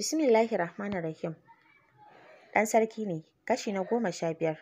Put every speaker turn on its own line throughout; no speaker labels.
Bismillahi Rahmani Rahim. Ɗan sarki ne, kashi na goma sha biyar.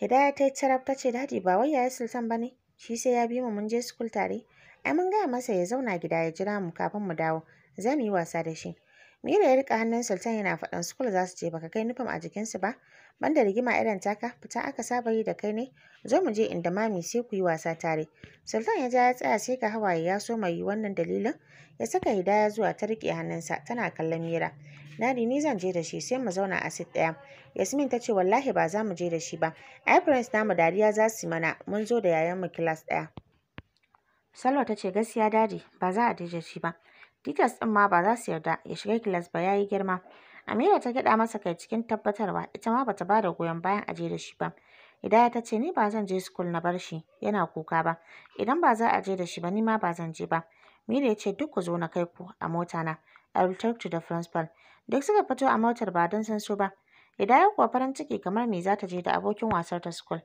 Hidaya ta yi taraf ta ce dadi ba wai yaya sultan ba ne, shi sai ya bi mu mun je sukul tare. Ai mun gaya masa ya zauna gida ya jira mu kafin mu dawo, za mu yi wasa da shi. Mira ya rika hannun Sultan yana faɗan school za su je baka kai nufin a jikin su ba. Banda rigima irin taka, fita aka saba yi da kai ne, zo mu je inda mami sai ku yi wasa tare. Sultan ya ja ya tsaya sai ga hawaye ya so mai yi wannan dalilin, ya saka hidaya zuwa ta riƙe hannunsa tana kallon Mira. Nadi ni zan je da shi sai mu zauna a sit ɗaya. Yasmin ta ce wallahi ba za mu je da shi ba. Ai prince namu dariya za su mana, mun zo da yayan mu kilas ɗaya. Salwa ta ce gaskiya dadi ba za a je da shi ba. Titus ɗin ma ba za su yarda ya shiga kilas ba ya yi girma. Amira ta gyaɗa masa kai cikin tabbatarwa, ita ma bata bada goyon bayan aje da shi ba. Hidaya ta ce ni ba zan je sukul na bar shi yana kuka ba, idan ba za a je da shi ba ni ma ba zan je ba. Mira ya ce duk ku zo na kai ku a mota na, I will talk to the principal. Duk suka fito a motar ba don sun so ba. Hidaya kuwa farin ciki kamar me za ta je da abokin wasar ta sukul.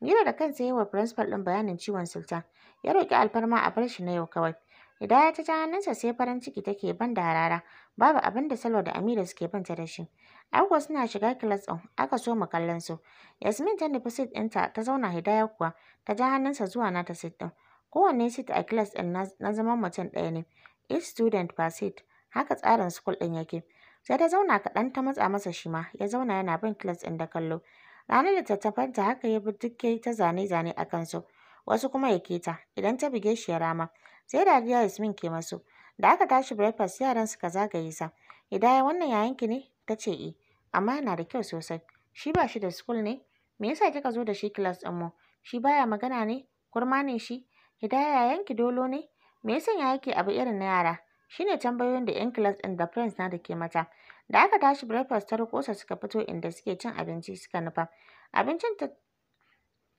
Mira da kansa yi wa principal ɗin bayanin ciwon sulta, ya roƙi alfarma a bar shi na yau kawai. Hidaya ta ja hannunsa sai farin ciki take ban da harara. Babu abin da Salwa da Amira suke banta da shi. Aiko suna shiga kilas ɗin, aka so mu kallon su. Yasmin ta nufi sit ɗinta ta zauna Hidaya kuwa ta ja hannunsa zuwa nata sit ɗin. Kowanne sit a kilas ɗin na zaman mutum ɗaya ne. Each student per seat. Haka tsarin school ɗin yake. Sai ta zauna kaɗan ta matsa masa shi ma ya zauna yana bin kilas ɗin da kallo. Ranar tafanta haka ya bi duk ta zane-zane a su. wasu kuma ya keta idan ta buge shi ya rama sai dariya Yasmin ke masu da aka tashi breakfast yaran suka zagaye sa ya wannan ki ne ta ce eh amma yana da kyau sosai shi ba shi da school ne me yasa kika zo da shi class din mu shi baya magana ne kurma ne shi hidaya ki dolo ne me yasa yake abu irin na yara Shi ne tambayoyin da yan class din da friends na da ke mata da aka tashi breakfast ta rikosa suka fito inda suke cin abinci suka nufa abincin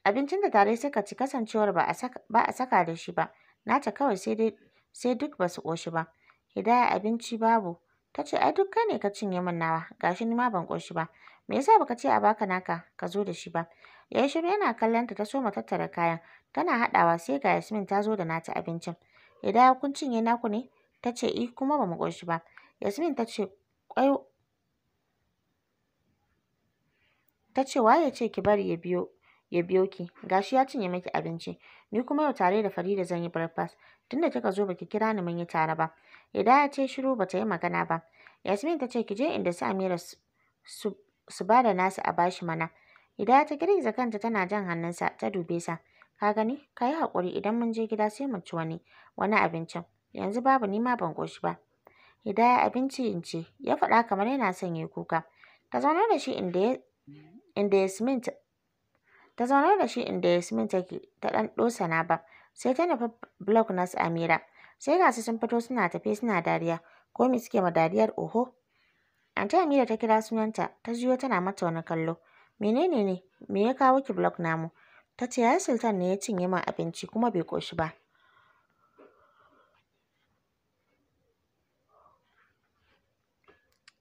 Abincin da tare suka ci kasancewar ba a saka da shi ba, nata kawai sai duk ba su ƙoshi ba. Hidaya abinci babu, ta ce ai duk kane ka cinye min nawa, ga shi ni ma ban ƙoshi ba. Me yasa baka ce a baka naka ka zo da shi ba? Ya shiru yana kallon ta ta mu tattara kayan, tana haɗawa sai ga Yasmin ta zo da nata abincin. Hidaya kun cinye naku ne? Ta ce i eh, kuma ba mu ƙoshi ba. Yasmin ta ce ƙwai ta ce waye ce ki bari ya biyo ya biyo ki gashi ya cinye miki abinci ni kuma yau tare da Farida zan yi breakfast tunda kika zo baki kira ni mun yi tare ba Hidaya ce shiru bata yi magana ba Yasmin ta ce ki je inda su Amira su su bada nasu a bashi mana Hidaya ta girgiza kanta tana jan hannunsa ta dube sa ka gani ka yi haƙuri idan mun je gida sai mu ci wani wani abincin yanzu babu ni ma ban ƙoshi ba Hidaya abinci in ce ya faɗa kamar yana son ya kuka ta zauna da shi inda ya inda Yasmin ta zaunar da shi inda Yasmin take ta ɗan ɗosana ba sai ta nufa blog na Amira sai ga su sun fito suna tafe suna dariya ko me suke ma dariyar oho Anta Amira ta kira sunanta ta jiyo tana mata wani kallo menene ne me ya kawo ki blog namu ta ce ya sultan ne ya cinye min abinci kuma bai koshi ba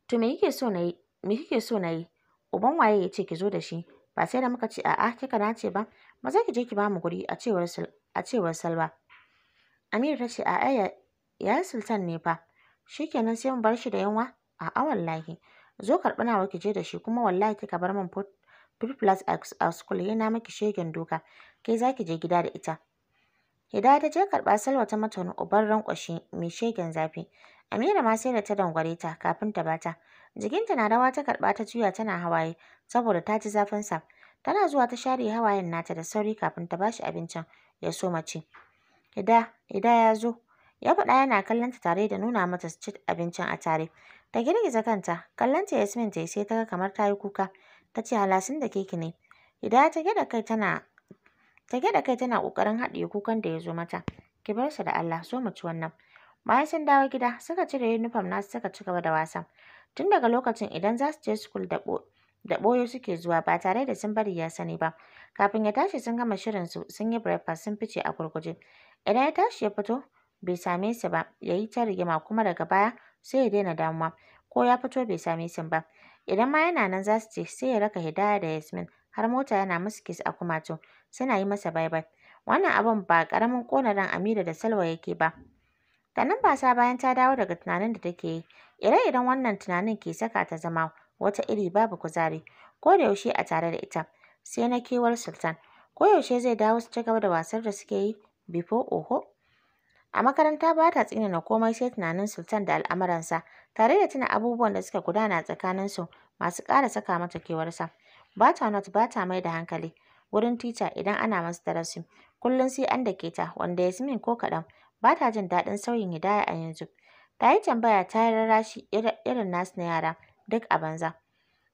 to me kike so na yi me kike so na uban waye ya ce ki zo da shi ba sai da muka ce a'a kika dace ba ma za ki je ki ba mu guri a cewar a cewar Salwa Amira ta ce a'a ya Sultan ne fa Shi shikenan sai mu bar shi da yanwa a'a wallahi zo karɓi nawa ki je da shi kuma wallahi kika bar min free plus a school yana miki shegen doka kai za ki je gida da ita Hidaya ta je karɓa Salwa ta mata wani uban rankwashi mai shegen zafi Amira ma sai da ta dangwareta kafin ta bata Jikinta na rawa ta karɓa ta juya tana hawaye saboda ta ji zafin sa. Tana zuwa ta share hawayen nata da sauri kafin ta bashi abincin ya so mace. Ida, Ida ya zo. Ya faɗa yana kallon tare da nuna mata su abincin a tare. Ta girgiza kanta, kallon ta Yasmin ta yi sai ta ga kamar ta yi kuka. Ta ce halasin da keki ne. Ida ta gyada kai tana ta kai tana ƙoƙarin haɗiye kukan da ya zo mata. Ki bar su da Allah, so mu ci wannan. Bayan sun dawo gida, suka cire yunifom nasu suka ci gaba da wasan. Tun daga lokacin idan za su je school da boyo suke zuwa ba tare da sun bari ya sani ba. Kafin ya tashi sun gama shirin su sun yi breakfast sun fice a gurguje. Idan ya tashi ya fito bai same su ba ya yi ta rigima kuma daga baya sai ya daina damuwa ko ya fito bai same su ba. Idan ma yana nan za su ce sai ya raka Hidaya da Yasmin har mota yana musu kiss a kumatu suna yi masa bye bye. Wannan abin ba ƙaramin ƙona ran Amira da Salwa yake ba. Tanan ba sa bayan ta dawo daga tunanin da take yi Ire-iren wannan tunanin ke saka ta zama wata iri babu kuzari koda yaushe a tare da ita, sai na kewar Sultan. ko yaushe zai dawo su ta gaba da wasar da suke yi before oho. A makaranta ba ta na komai sai tunanin Sultan da al'amuransa, tare da tuna abubuwan da suka gudana tsakaninsu masu ƙara saka mata kewarsa. Ba ta not ba ta mai da hankali wurin tica idan ana masu darasi, kullum sai an dake ta wanda Yasmin ko kaɗan ba ta jin daɗin sauyin Hidaya a yanzu. Ta yi tambaya ta yi rarrashi irin nasu na yara duk a banza.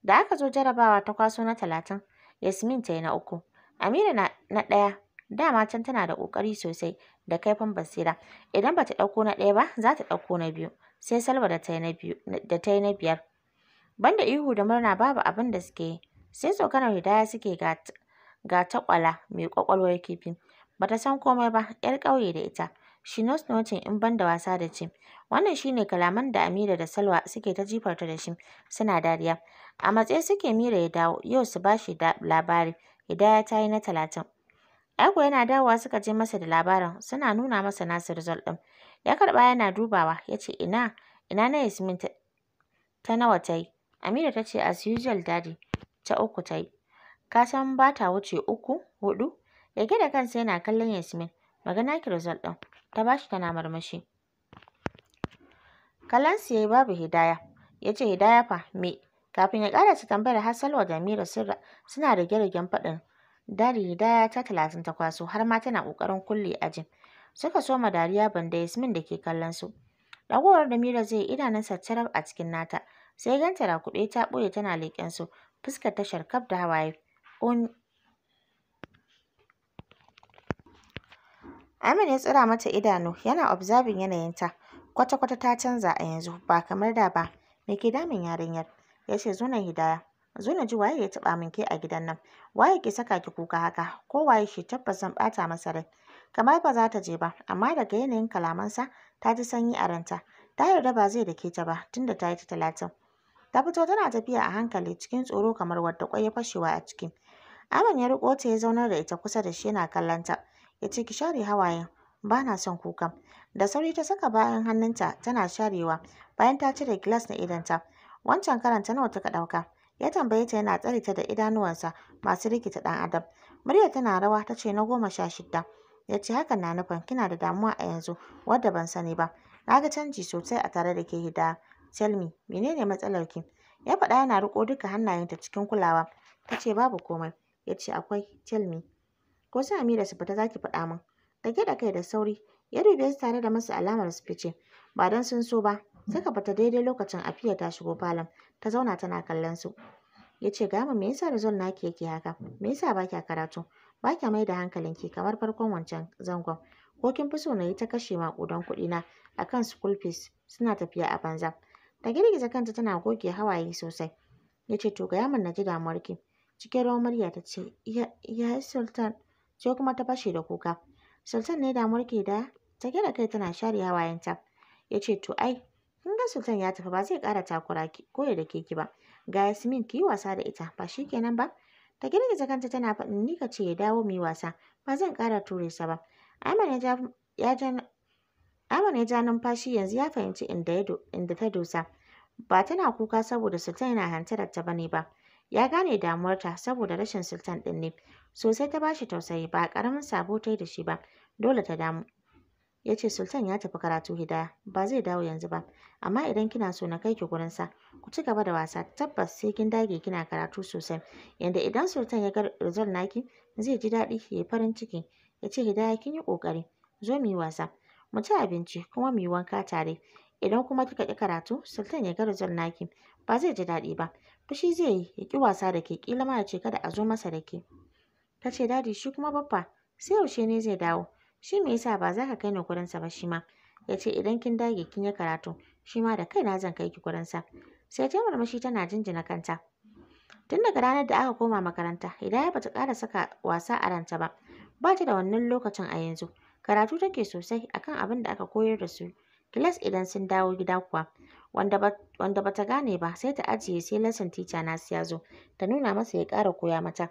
Da aka zo jarabawa ta kwaso na talatin, Yasmin ta yi na uku. Amira na, na ɗaya dama can tana da ƙoƙari sosai da kaifin basira. Idan ba ta ɗauko na ɗaya ba za ta ɗauko na biyu. Sai Salwa da ta yi na da ta na biyar. Banda ihu da murna babu abin da suke yi. Sai tsokanar Hidaya suke ga ga taƙwala mai ƙwaƙwalwar kifi. Ba ta san komai ba, ‘yar ƙauye da ita. She knows nothing in banda wasa da ce. Wannan shine kalaman da Amira da Salwa suke ta jifarta da shi, suna dariya. A matsayin suke Mira ya dawo, yau su bashi shi labari, Hidaya ta yi na talatin. Aiko yana dawowa suka je masa da labarin, suna nuna masa nasu result ɗin. Ya karba yana dubawa, ya ce ina, ina na Yasmin ta, ta nawa ta yi. Amira ta ce as usual daddy, ta uku ta yi. Ka san ba ta wuce uku, huɗu? Yage da kansa yana kallon Yasmin, magana ki result ɗin. ta bashi tana marmashi. Kalansu ya yi babu hidaya, ya ce hidaya fa me? Kafin ya ƙarasa tambayar hasalwa da Amira sirra suna rage-ragen faɗin Dari hidaya ta talatin ta kwaso har ma tana ƙoƙarin kulle ajin. Suka soma dariya banda Yasmin da ke kallon su. Ragowar da Mira zai yi idanunsa taraf a cikin nata, sai ganta da kuɗe ta ɓoye tana leƙen su, fuskar tashar kaf da hawaye. Amin ya tsira mata idanu yana observing yanayinta. Kwata-kwata ta canza a yanzu ba kamar da ba. Me ke damun yarinyar? Ya ce zo nan Hidaya. Zo na ji waye ya taɓa min ke a gidan nan. Waye ke saka ki kuka haka? Ko waye shi tabbas zan ɓata masa rai. Kamar ba za ta je ba, amma daga yanayin kalamansa ta ji sanyi a ranta. Ta yarda ba zai dake ta ba tunda ta yi ta talatin. Ta fito tana tafiya a hankali cikin tsoro kamar wadda ƙwai ya fashewa a ciki. Aman ya riƙo ta ya zaunar da ita kusa da shi yana kallon ta. ya ce ki share hawayen ba na son kuka da sauri ta saka bayan hannunta tana sharewa bayan ta cire gilas na idanta wancan karanta nawa taka ɗauka ya tambaye ta yana tsare ta da idanuwansa masu rikita ɗan adam murya tana rawa ta ce na goma sha shidda ya ce hakan na nufin kina da damuwa a yanzu wadda ban sani ba na ga canji sosai a tare da ke hida tell me menene matsalar ki ya faɗa yana riko duka hannayenta cikin kulawa ta ce babu komai ya ce akwai tell ko sai Amira su fita ki faɗa min ta da kai da sauri ya dube su tare da masu alamar su fice ba dan sun so ba Saka fita daidai lokacin afiya ta shigo falon ta zauna tana kallon su ya ce gama me yasa da result naki yake haka me yasa ba kya karatu ba kya mai da hankalin ki, kamar farkon wancan zangon ko kin fi so na yi ta kashe maƙudan kuɗi na akan school fees suna tafiya a banza ta girgiza kanta tana goge hawaye sosai ya ce to ga min na ji ki. cikin rawar murya ta ce ya sultan sai kuma ta fashe da kuka sultan ne damuwar ke da ta da kai tana share hawayenta ya ce to ai kin ga sultan ya tafi ba zai ƙara takura ki ko ya dake ki ba ga yasmin ki yi wasa da ita ba shi kenan ba ta girgiza kanta tana faɗin ni ka ce ya dawo mu yi wasa ba zan ƙara ture sa ba Aman ya ja ya ja Aman ya ja numfashi yanzu ya fahimci inda ya inda ta dosa ba tana kuka saboda sultan yana hantarar ta bane ba Ya gane damuwarta saboda rashin sultan ɗin ne. Sosai ta bashi tausayi ba ƙaramin sabo ta yi da shi ba. Dole ta damu. Ya ce sultan ya tafi karatu hidaya ba zai dawo yanzu ba. Amma idan kina so na kai ki sa ku ci gaba da wasa tabbas sai kin dage kina karatu sosai. Yanda idan sultan ya ga result naki zai ji daɗi ya farin ciki. Ya ce hidaya kin yi ƙoƙari zo mu yi wasa. Mu ci abinci kuma mu yi wanka tare. Idan kuma kika ƙi karatu sultan ya ga result naki ba zai ji daɗi ba. fushi zai yi ya ƙi wasa da ke ƙila ma ya ce kada a zo masa da ke ta ce dadi shi kuma baffa sai yaushe ne zai dawo shi me yasa ba za ka kai ni kudinsa ba shi ma ya ce idan kin dage kin yi karatu shi ma da kai na zan kai ki kudinsa. sai ta murmushi tana jinjina kanta tun daga ranar da aka koma makaranta ya bata ƙara saka wasa a ranta ba ba ta da wannan lokacin a yanzu karatu take sosai akan abin da aka koyar da su Kilas idan sun dawo gida kuwa, wanda bata gane ba sai ta ajiye sai lesson teacher nasu ya zo, ta nuna masa ya ƙara koya mata.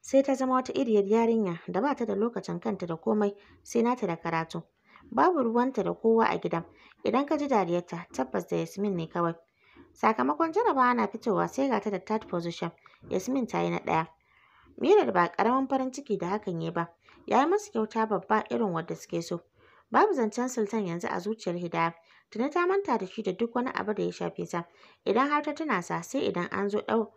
Sai ta zama wata iriyar yarinya da bata da lokacin kanta da komai sai nata da karatu. Babu ruwanta da kowa a gidan. Idan ka ji dariyarta tabbas da Yasmin ne kawai. Sakamakon jarabawa na fitowa sai ga ta da third position. Yasmin ta yi na ɗaya. Mira ba ƙaramin farin ciki da hakan ya ba. Ya yi masu kyauta babba irin wadda suke so. Babu zancen Sultan yanzu a zuciyar Hidaya. Tuni ta manta da shi da duk wani abu da ya shafe ta. Idan har ta tuna sa sai idan an zo ɗau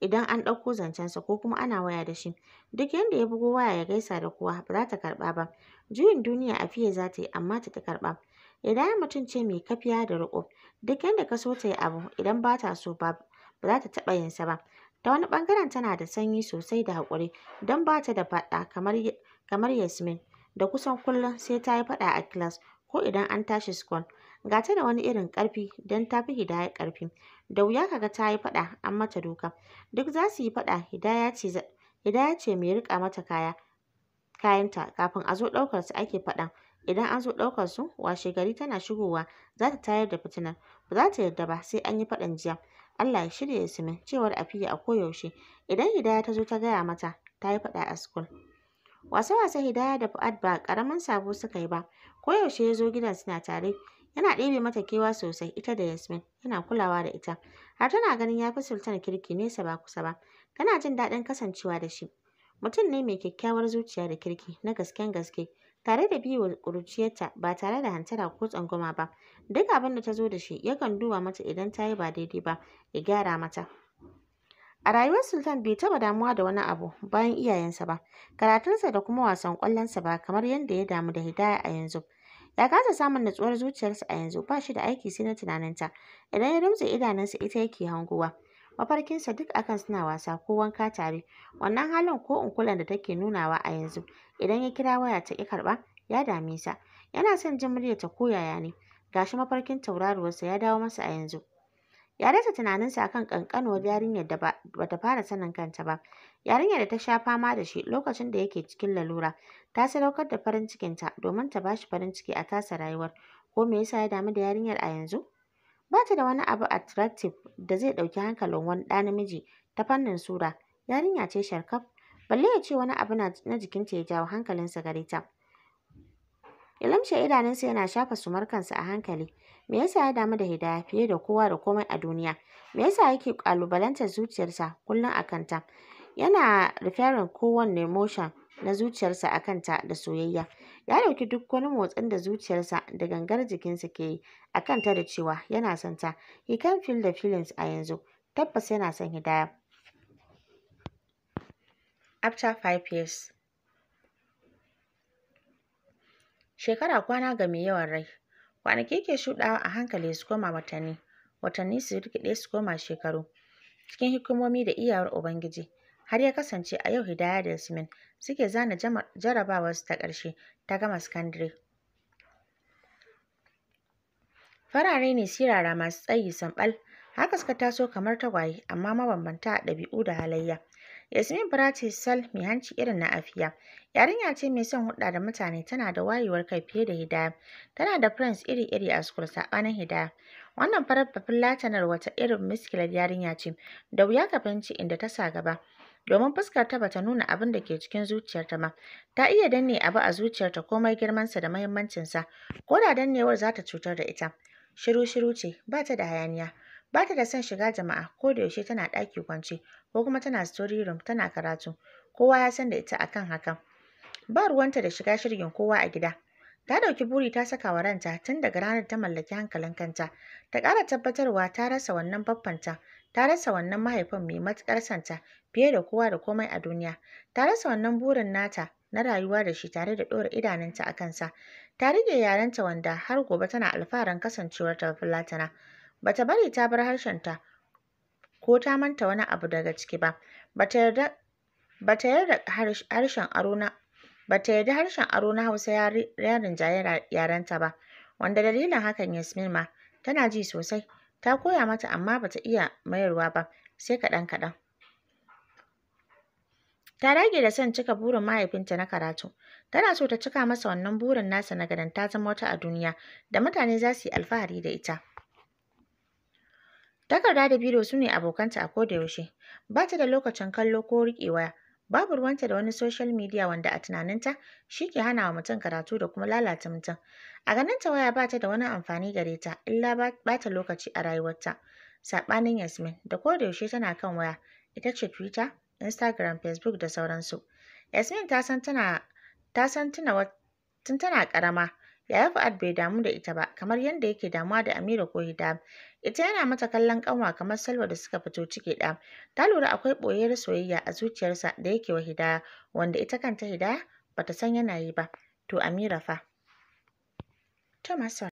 idan an ɗauko zancensa ko kuma ana waya da shi. Duk yanda ya bugo waya ya gaisa da kowa ba za ta karɓa ba. Juyin duniya a fiye za ta yi amma ta ta karɓa. Hidaya mutum ce mai kafiya da riƙo. Duk yanda ka so ta yi abu idan ba ta so ba ba za ta taɓa yin sa ba. Ta wani ɓangaren tana da sanyi sosai da haƙuri don ba ta da faɗa kamar kamar Yasmin. da kusan kullum sai ta yi faɗa a kilas ko idan an tashi school. Ga ta da wani irin ƙarfi don ta fi Hidaya ƙarfi. Da wuya kaga ta yi faɗa an mata doka. Duk za su yi faɗa Hidaya ce ce mai riƙa mata kaya kayanta kafin a zo ɗaukar su ake faɗan. Idan an zo ɗaukar su washe gari tana shigowa za ta tayar da fitinar. Ba za ta yarda ba sai an yi faɗan jiya. Allah ya shirya ya Yasmin cewar Afiya a koyaushe. Idan Hidaya ta zo ta gaya mata ta yi faɗa a school. Wasa-wasa Hidaya da Fu'ad ba ƙaramin sabo suka yi ba, koyaushe ya zo gidan suna tare, yana ɗebe mata kewa sosai ita da Yasmin, yana kulawa da ita, har tana ganin ya fi Sultan kirki nesa ba kusa ba, tana jin daɗin kasancewa da shi. Mutum ne mai kyakkyawar zuciya da kirki na gasken gaske, tare da biwa ƙuruciyarta ba tare da hantara ko tsangwama ba, duk abin da ta zo da shi yakan duba mata idan ta yi ba daidai ba, ya gyara mata. A rayuwar Sultan bai taɓa damuwa da wani abu bayan iyayensa ba, karatunsa da kuma wasan ƙwallonsa ba kamar yadda ya damu da Hidaya a yanzu. Ya kasa samun natsuwar zuciyarsa a yanzu ba shi da aiki sai na tunaninta, idan ya rumtse idanunsa ita yake hanguwa, Mafarkinsa duk akan suna wasa ko wanka tare, wannan halin ko unkulan da take nunawa a yanzu, idan ya kira waya ta ƙi karɓa ya dame sa. Yana son jin muryarta ko yaya ne, gashi mafarkin tauraruwarsa ya dawo masa a yanzu. ya rasa tunaninsa kan ƙanƙanuwar yarinyar da ba ta fara sanin kanta ba yarinyar da ta sha fama da shi lokacin da yake cikin lalura ta sadaukar da farin cikinta domin ta ba shi farin ciki a tasa rayuwar ko me yasa ya damu da yarinyar a yanzu ba ta da wani abu attractive da zai ɗauki hankalin wani ɗa namiji ta fannin sura yarinya ce sharkaf balle ya ce wani abu na jikinta ya jawo hankalinsa gare ta Ya idanunsa yana shafa sumarkansa a hankali. Me yasa ya damu da Hidaya fiye da kowa da komai a duniya? Me yasa yake kalubalantar zuciyarsa kullum a kanta? Yana rufarin kowanne motion na zuciyarsa a kanta da soyayya. Ya ɗauki duk wani motsin da zuciyarsa da gangar jikinsa ke yi a kanta da cewa yana son ta. He can feel the feelings a yanzu. Tabbas yana son Hidaya. After five years. Shekara kwana ga mai yawan rai. Kwanaki ke shuɗawa a hankali su koma watanni, watanni su rikiɗe su koma shekaru. Cikin hikimomi da iyawar Ubangiji, har ya kasance a yau Hidaya da Yasmin suke zana jarabawar su ta ƙarshe ta gama sakandare. Farare ne sirara masu tsayi samɓal, haka suka taso kamar tagwaye amma mabambanta a ɗabi'u da halayya. Yasmin fara sal mai hanci irin na afiya. Yarinya ce mai son hulɗa da mutane tana da wayewar kai fiye da Hidaya. Tana da friends iri-iri a school sabanin Hidaya. Wannan farar babban latanar wata irin miskilar yarinya ce da wuya ka fahimci inda ta sa gaba. domin fuskar ta bata nuna abin da ke cikin zuciyarta ma ta iya danne abu a zuciyarta komai girmansa da mahimmancinsa ko da dannewar za ta cutar da ita shiru shiru ce ba ta da hayaniya Ba ta da son shiga jama'a ko da yaushe tana ɗaki kwance ko kuma tana story room tana karatu. Kowa ya san da ita akan hakan. Ba ruwanta da shiga shirgin kowa a gida. Ta ɗauki buri ta saka wa ranta tun daga ranar ta mallaki hankalin kanta. Ta ƙara tabbatarwa ta rasa wannan baffanta, ta rasa wannan mahaifin mai matuƙar santa fiye da kowa da komai a duniya. Ta rasa wannan burin nata na rayuwa da shi tare da ɗora idanunta a kansa. Ta rage yarenta wanda har gobe tana alfaharin kasancewarta Fulatana. Ba ta bari ta bar harshenta ko ta manta wani abu daga ciki ba ba ta yarda harshen aro na ta yarda harshen aro na Hausa ya rinjaye yarenta ba wanda dalilin hakan Yasmin ma tana ji sosai ta koya mata amma ba ta iya mayarwa ba sai kaɗan kaɗan ta rage da son cika burin mahaifinta na karatu tana so ta cika masa wannan burin nasa na ganin ta zama wata a duniya da mutane za su yi alfahari da ita Takarda da biro su ne abokanta a kodayaushe. Ba ta da lokacin kallo ko riƙewa. Babu ruwanta da wani social media wanda a tunaninta shi ke hana wa mutum karatu da kuma lalata mutum. A ganin ta waya ba ta da wani amfani gare ta illa ba ta lokaci a rayuwarta. Saɓanin Yasmin da kodayaushe tana kan waya ita ce Twitter, Instagram, Facebook da sauransu. Yasmin ta san tana ta san tuna tun tana ƙarama Yaya Fu'ad bai damu da ita ba kamar yadda yake damuwa da Amira ko Hida? Ita yana mata kallon ƙanwa kamar Salwa da suka fito cike ɗa Ta lura akwai ɓoyar soyayya a zuciyarsa da yake wa Hidaya wanda ita kanta Hidaya bata san yana yi ba. To Amira fa? To